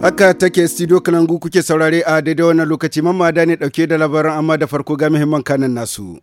Haka take studio kalangu kuke saurare a daidai wannan lokaci da ne dauke da labaran amma da farko ga muhimman kanan nasu.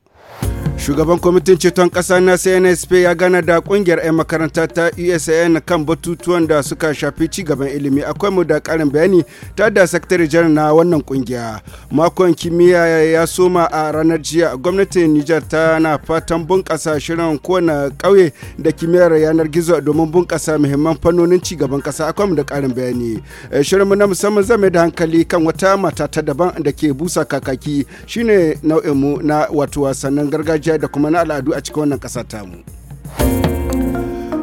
Shugaban kwamitin ceton ƙasa na CNSP ya gana da ƙungiyar 'yan makaranta ta USAN kan batutuwan da suka shafi ci gaban ilimi. Akwai mu da ƙarin bayani ta da sakatare janar na wannan ƙungiya. Makon kimiyya ya soma a ranar jiya. Gwamnatin Nijar tana fatan bunƙasa shirin kowane ƙauye da kimiyyar yanar gizo domin bunƙasa muhimman fannonin ci gaban ƙasa. Akwai mu da ƙarin bayani. Eh, shirinmu na musamman mai da hankali kan wata mata ta daban da ke busa kakaki shine nau'in mu na wato wasannin gargajiya gargajiya da kuma na al'adu a cikin wannan ƙasar tamu.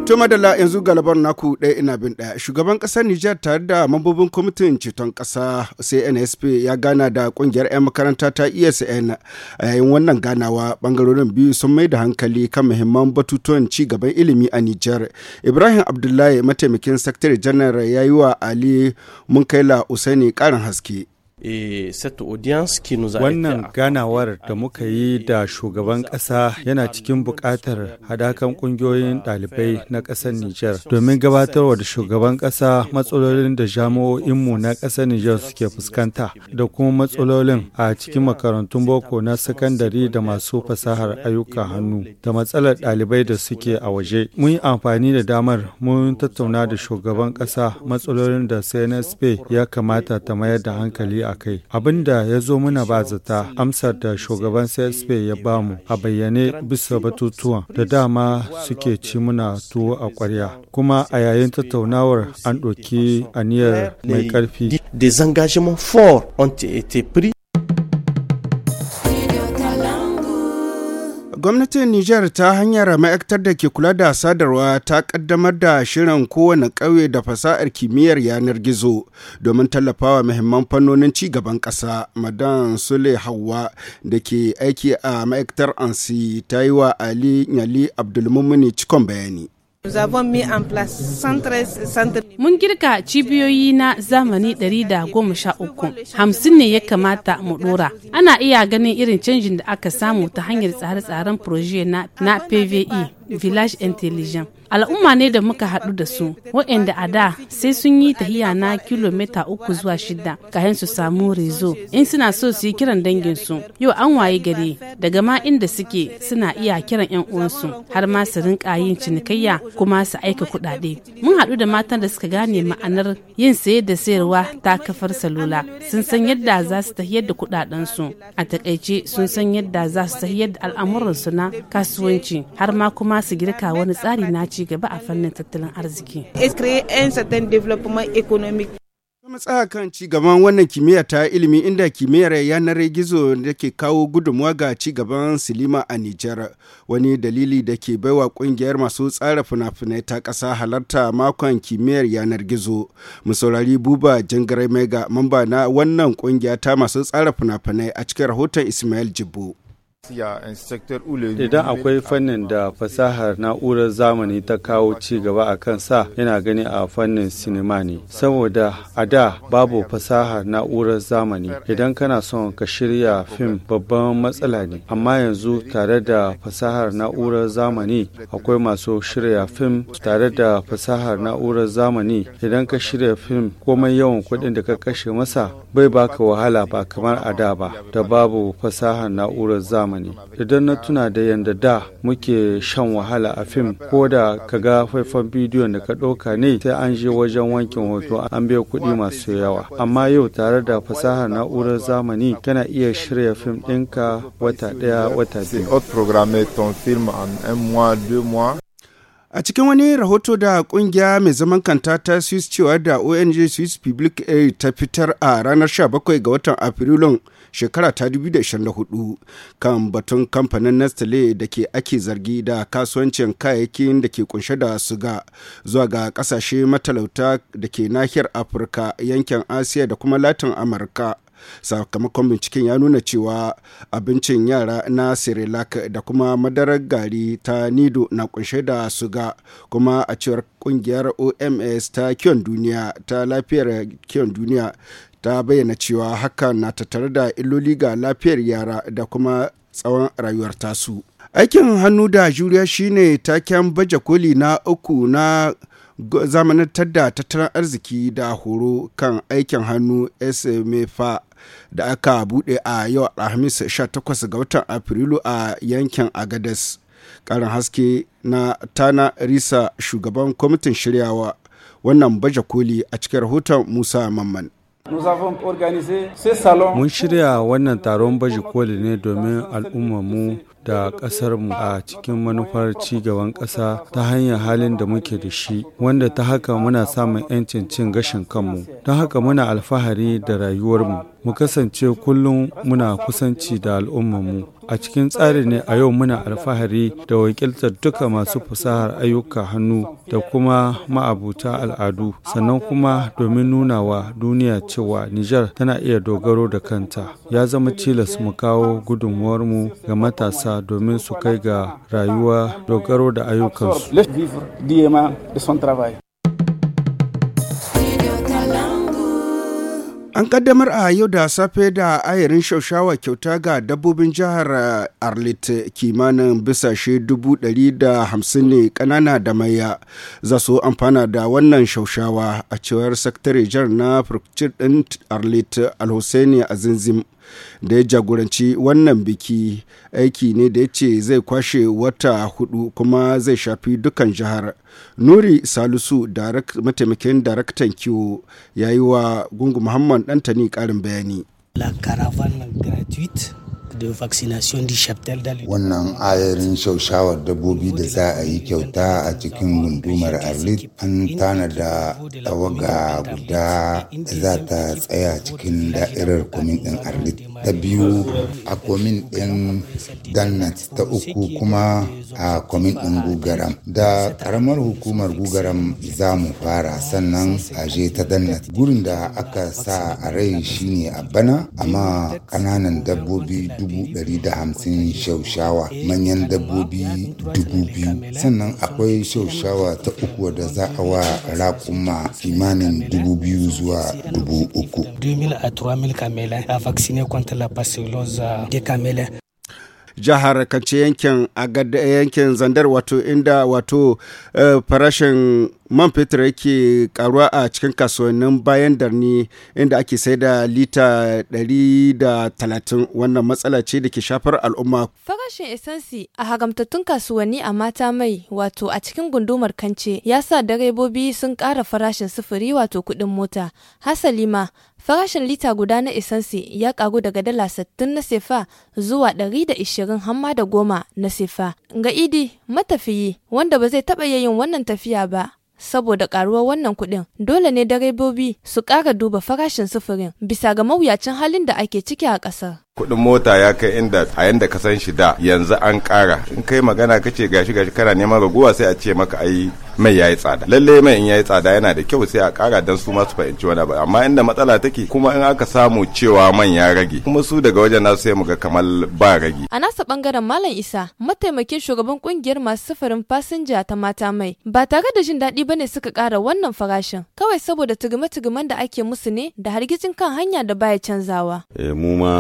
To madalla yanzu galabar naku ɗaya ina bin ɗaya. Shugaban ƙasar Nijar tare da mambobin kwamitin ceton ƙasa CNSP ya gana da ƙungiyar 'yan makaranta ta ESN a yayin wannan ganawa bangarorin biyu sun mai da hankali kan muhimman batutuwan ci gaban ilimi a Nijar. Ibrahim Abdullahi mataimakin sakatare janar ya yi wa Ali Munkaila Usaini ƙarin haske. Wannan ganawar da muka yi da shugaban ƙasa yana cikin buƙatar hadakan ƙungiyoyin ɗalibai na ƙasar Nijar domin gabatarwa da shugaban ƙasa matsalolin da jami'o'inmu na ƙasar Nijar suke fuskanta da kuma matsalolin a cikin makarantun boko na sakandare da masu fasahar ayyukan hannu da matsalar ɗalibai da suke a waje. Mun yi amfani da damar mun tattauna da shugaban ƙasa matsalolin da CNSP ya kamata ta mayar da hankali a kai abin da ya zo muna ba zata amsar da shugaban csp ya bamu a bayyane bisa batutuwan da dama suke ci muna tuwo a kwarya kuma a yayin tattaunawar an ɗauki aniyar mai ƙarfi Gwamnatin Nijar ta hanyar ma'aikatar da ke kula da sadarwa ta kaddamar da shirin kowane ƙauye da fasa'ar kimiyyar yanar gizo domin tallafawa mahimman fannonin ci gaban ƙasa. Madan Sule Hauwa da ke aiki a ma'aikatar Ansi ta yi wa Ali Nyali Abdulmumini cikon bayani. Mun girka cibiyoyi na zamani 113, hamsin ne ya kamata mu dora. Ana iya ganin irin canjin da aka samu ta hanyar tsare-tsaren na, na PVE. village intelligent al'umma ne da muka haɗu da su waɗanda a da sai sun yi tahiya na kilomita uku zuwa shida kayan su samu rezo in suna so su yi kiran dangin su yau an waye gari daga ma inda suke suna iya kiran yan uwansu har ma su rinka yin cinikayya kuma su aika kuɗaɗe mun haɗu da matan da suka gane ma'anar yin saye da sayarwa ta kafar salula sun san yadda za su tahiyar da kuɗaɗen su a takaice sun san yadda za su tahiyar da al'amuransu na kasuwanci har ma kuma ma su girka wani tsari na ci gaba a fannin tattalin arziki. Kuma tsaya kan ci gaban wannan kimiyya ta ilimi inda kimiyyar yanar gizo da ke kawo gudunmuwa ga ci gaban silima a Nijar. Wani dalili da ke baiwa kungiyar masu tsara fina-finai ta ƙasa halarta makon kimiyyar yanar gizo. Musaurari Buba Jangare Mega mamba na wannan kungiya ta masu tsara fina-finai a cikin rahoton Ismail Jibbo. Idan akwai fannin da fasahar na'urar zamani ta kawo ci gaba a kan sa yana gani a fannin sinima ne. Saboda a da babu fasahar na'urar zamani idan kana son ka shirya fim babban matsala ne. Amma yanzu tare da fasahar na'urar zamani akwai masu shirya fim tare da fasahar na'urar zamani idan ka shirya fim komai yawan kuɗin da ka kashe masa bai baka wahala ba kamar a da ba da babu fasahar na'urar zamani. zamani idan na tuna da yadda da muke shan wahala a fim ko da ka ga faifan bidiyon da ka ɗauka ne sai an je wajen wankin hoto an biya kuɗi masu yawa amma yau tare da fasahar na'urar zamani kana iya shirya fim ɗinka wata ɗaya wata biyu A cikin wani rahoto da kungiya mai zaman kanta ta Swiss cewa da ONG Swiss Public Aid ta fitar a ranar 17 ga watan Afrilun shekara ta 2024 kan batun kamfanin nestle da ke ake zargi da kasuwancin kayayyakin da ke kunshe da suga zuwa ga kasashe matalauta da ke nahiyar afirka yankin asiya da kuma latin amurka sakamakon binciken ya nuna cewa abincin yara na sirilak da kuma madarar gari ta nido na kunshe da suga kuma a cewar kungiyar oms ta kiyon duniya ta lafiyar kiyon duniya ta bayyana cewa hakan na tattare da illoli ga lafiyar yara da kuma tsawon rayuwar tasu. Aikin hannu da juriya shine taken baje koli na uku na zamanantar da tattalin arziki da horo kan aikin hannu SMFA da aka bude a yau Alhamis 18 ga watan Afrilu a yankin Agadas. Karin haske na Tana Risa shugaban kwamitin shiryawa wannan baje koli a cikin rahoton Musa Mamman. Mun shirya wannan taron baji koli ne domin al'ummarmu da ƙasarmu a cikin manufar cigaban ƙasa ta hanyar halin da muke da shi wanda ta haka muna samun 'yancin cin gashin kanmu don haka muna alfahari da rayuwarmu mu kasance kullum muna kusanci da al'ummarmu A cikin tsari ne a yau muna alfahari da wakiltar duka masu fasahar ayyuka hannu da kuma ma'abuta al'adu, sannan kuma domin nuna wa duniya cewa Nijar tana iya dogaro da kanta. Ya zama tilas mu kawo mu ga matasa domin su kai ga rayuwa dogaro da ayyukansu. An kaddamar a yau da safe da ayarin shaushawa kyauta ga dabbobin jihar eh, Arlit kimanin bisashe dubu ɗari da hamsin ne ƙanana da maya za su amfana da wannan shaushawa a cewar sakatare jar na furkcir ɗin Arlit Alhussaini Azinzim. da ya jagoranci wannan biki aiki ne da ya ce zai kwashe wata hudu kuma zai shafi dukan jihar nuri salisu mataimakin daraktan kiwo ya yi wa gungu muhammad dantani karin bayani La da vaccination du cheptel Wannan ayarin shaushawar dabbobi da za a yi kyauta a cikin gundumar Arlit an tanada tawaga guda da za ta tsaya cikin da'irar kwamin ɗin Arlit. ta biyu a komin ɗin dalnat ta uku kuma a komin ɗin gugaram da ƙaramar hukumar gugaram za mu fara sannan a je ta dalnat gurin da aka sa a rai shine a bana amma ƙananan dabbobi dubu ɗari da hamsin shaushawa manyan dabbobi dubu biyu sannan akwai shaushawa ta uku da za a wa raƙuma kimanin dubu biyu zuwa dubu uku. 2000 3000 la jihar kance yankin yankin zandar wato inda wato eh, farashin man fetur yake karuwa a cikin kasuwannin bayan darni inda ake sai da lita 130 wannan matsala ce da ke shafar al'umma. Farashin esansi a haramtattun kasuwanni a mata mai wato a cikin gundumar kance ya sa direbobi sun ƙara farashin sufuri wato kuɗin mota. Hasali ma Farashin lita guda na isansi ya ƙaru daga dala 60 na sefa zuwa 120 hamma da goma na sefa. Ga idi matafiyi wanda ba zai taɓa yin wannan tafiya ba saboda ƙaruwar wannan kuɗin dole ne direbobi su ƙara duba farashin sufurin bisa ga mawuyacin halin da ake ciki a ƙasar. kudin mota ya kai inda a yanda ka san shi da yanzu an kara in kai magana kace ce gashi gashi kana neman raguwa sai a ce maka ai mai yayi tsada lalle mai in yayi tsada yana da kyau sai a kara dan su ma su fahimci wani abu amma inda matsala take kuma in aka samu cewa man ya rage kuma su daga wajen nasu sai muga kamar ba rage a nasa bangaren malam isa mataimakin shugaban kungiyar masu safarin fasinja ta mata mai ba tare da jin daɗi bane suka kara wannan farashin kawai saboda tugume tuguman da ake musu ne da hargitsin kan hanya da baya canzawa eh, mu ma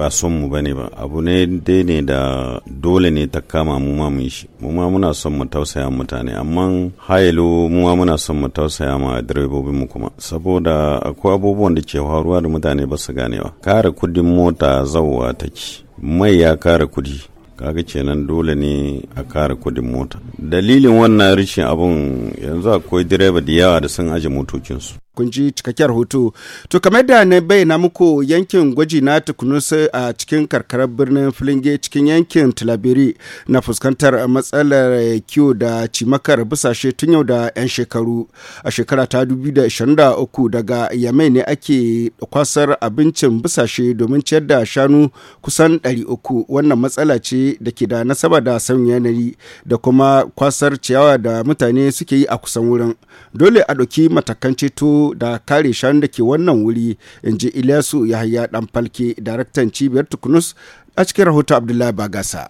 ba son mu bane ba abu ne dai ne da dole ne ta kama mu ma mun shi mu ma muna son mu tausaya mutane amma hailo mu ma muna son mu tausaya ma direbobin mu kuma saboda akwai abubuwan da ke faruwa da mutane ba su ganewa kare kudin mota zawwa take mai ya kare kudi kaga kenan dole ne a kare kudin mota dalilin wannan rishin abun yanzu akwai direba da yawa da sun aje motocinsu kun ji cikakkiyar hoto to kamar da na bayyana muku yankin gwaji na tukunusa a cikin karkarar birnin filinge cikin yankin tilabiri na fuskantar matsalar kiwo da cimakar busashe tun yau da 'yan shekaru a shekara ta 2023 daga yamai ne ake kwasar abincin busashe domin ciyar da shanu kusan 300 wannan matsala ce da ke da nasaba da sauyin yanayi da kuma kwasar ciyawa da mutane suke yi a kusan wurin dole a ɗauki matakan ceto da kare shanu da ke wannan wuri in ji ilyasu yahaya dan falke daraktan cibiyar tukunus a cikin rahoton abdullahi bagasa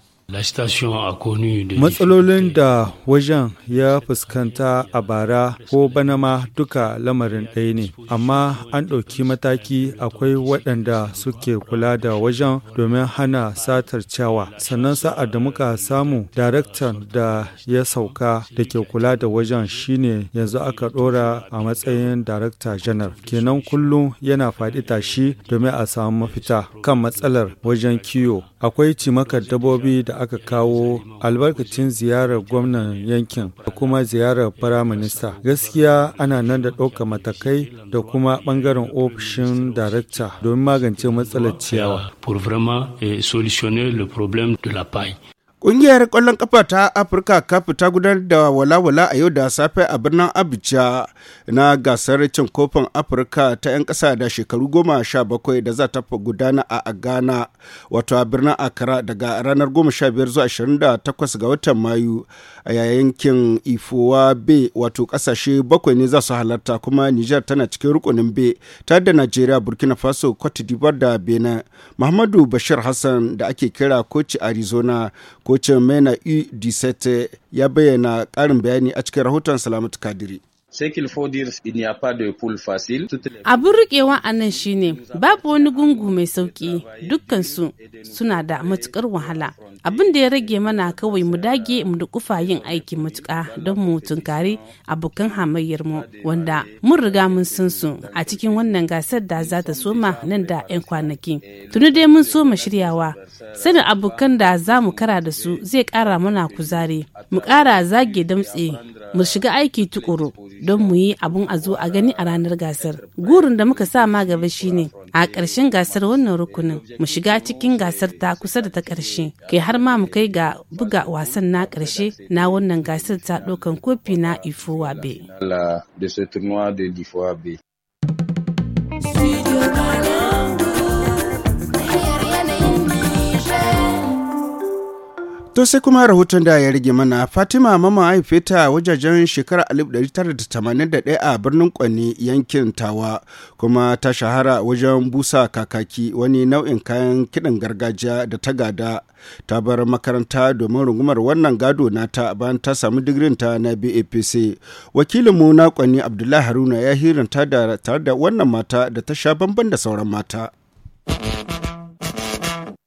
Matsalolin da wajen ya fuskanta a bara ko bana ma duka lamarin ɗaya ne, amma an ɗauki mataki akwai waɗanda suke kula da wajen domin hana satar ciyawa. Sannan sa'ad da muka samu daraktan da ya sauka da ke kula da wajen shine yanzu aka ɗora a matsayin darakta janar. Kenan kullum yana faɗi tashi domin a samu mafita kan matsalar wajen kiwo akwai cimakar dabobi da aka kawo albarkacin ziyarar gwamnan yankin da kuma ziyarar firaminista gaskiya ana nan da ɗaukar matakai da kuma ɓangaren ofishin darakta domin magance matsalar ciyawa eh, Ƙungiyar ƙwallon ƙafa ta Afirka Cup ta gudanar da walawala a yau da safe a birnin Abuja na gasar cin kofin Afirka ta 'yan ƙasa da shekaru goma sha bakwai da za ta gudana a Ghana wato a birnin Accra daga ranar goma sha biyar zuwa ashirin da takwas ga watan Mayu a yankin Ifowa Bay wato ƙasashe bakwai ne za su halarta kuma Nijar tana cikin rukunin Bay ta da Najeriya Burkina Faso Cote d'Ivoire da Benin Muhammadu Bashir Hassan da ake kira Koci Arizona kocin mena u17 e ya bayyana ƙarin bayani a cikin rahoton salamatu kadiri Abin riƙewa a nan ne babu wani gungu mai sauƙi dukkansu suna da matuƙar wahala. Abin da ya rage mana kawai mu dage mu da kufa yin aiki matuƙa don mu tunkari abokan hamayyar mu wanda mun riga mun san su a cikin wannan gasar da za ta soma nan da 'yan kwanaki. Tuni dai mun soma shiryawa sanin abokan da za mu kara da su zai ƙara mana kuzari mu ƙara zage damtse mu shiga aiki tukuru don mu yi abun a zo a gani a ranar gasar. Gurin da muka sa ma gaba ne, a ƙarshen gasar wannan rukunin mu shiga cikin gasar ta kusa da ta ƙarshe kai har ma mu kai ga buga wasan na ƙarshe na wannan gasar ta ɗaukan kofi na Ifowabe. To sai kuma rahoton da ya rage mana Fatima mama mahaifeta wajajen shekarar 1981 a birnin Kwanne yankin Tawa kuma ta shahara wajen busa kakaki wani nau'in kayan kiɗan gargajiya da ta gada ta bar makaranta domin rungumar wannan gado nata bayan ta samu digirin ta na BAPC. Wakilinmu na Kwanne Abdullahi Haruna ya hirinta da tare da wannan mata da ta sha bamban da sauran mata.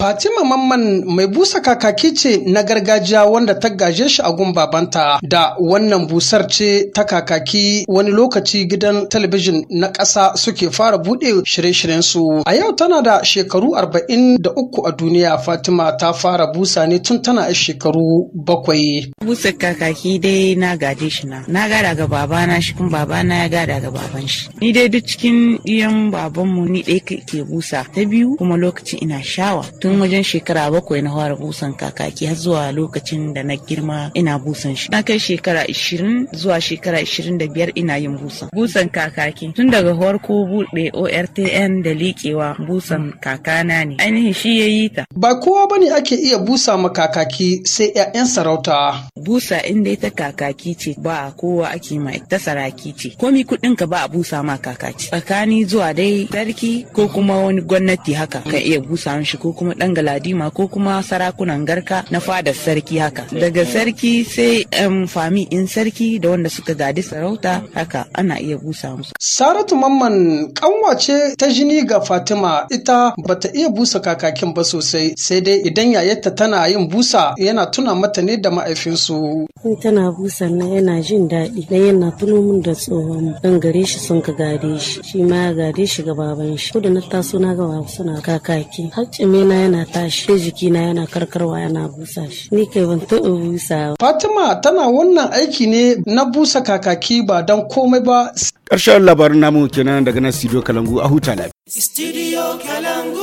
Fatima Mamman mai busa kakaki ce na gargajiya wanda ta gaje shi a gun babanta da wannan busar ce ta kakaki wani lokaci gidan talabijin na ƙasa suke fara buɗe shirye-shiryensu. A yau tana da shekaru arba'in da uku a duniya Fatima ta fara busa ne tun tana a shekaru bakwai. Busa kakaki dai na gaje shi na. Na gada ga babana shi kuma babana ya gada ga baban shi. Ni dai duk cikin iyan babanmu ni ɗaya ke busa ta biyu kuma lokacin ina shawa tun tun wajen shekara bakwai na fara busan kakaki har zuwa lokacin da na girma ina busan shi. Na kai shekara ishirin zuwa shekara ishirin da biyar ina yin busan. Busan kakaki tun daga farko buɗe ORTN da liƙewa busan kakana ne. Ainihin shi ya yi ta. Ba kowa ne ake iya busa ma kakaki sai 'ya'yan sarauta. Busa in dai ta kakaki ce ba kowa ake ma ta saraki ce. Komi kuɗin ka ba a busa ma kakaki. Tsakani zuwa dai sarki ko kuma wani gwamnati haka kan iya busa mishi ko kuma dan galadima ko kuma sarakunan garka na fadar sarki haka daga sarki sai um, fami in sarki da wanda suka gadi sarauta haka ana iya busa musu saratu mamman kanwace ta jini ga fatima ita bata iya busa kakakin ba sosai sai dai idan yayarta tana yin busa yana tuna mata ne da ma'aifinsu in tana busa na yana jin daɗi na yana tuno min da tsohon dan gare shi sun ka gade shi shi ma ya gade shi ga baban shi ko da na taso na ga suna kakaki har na yana yana tashi sai jikina yana karkarwa yana busa shi ni kai ban taɓa busa Fatima tana wannan aiki ne na busa kakaki ba don komai ba ƙarshen labarin namu kenan daga nan studio Kalangu a huta lafiya Studio Kalangu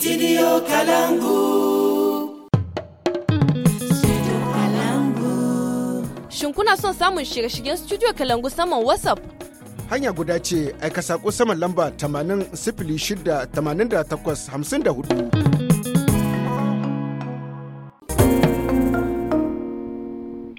Studio Kalangu. Shin kuna son samun shirye-shiryen Studio Kalangu saman WhatsApp? Hanya guda ce aika saƙo saman lamba 80 da 54.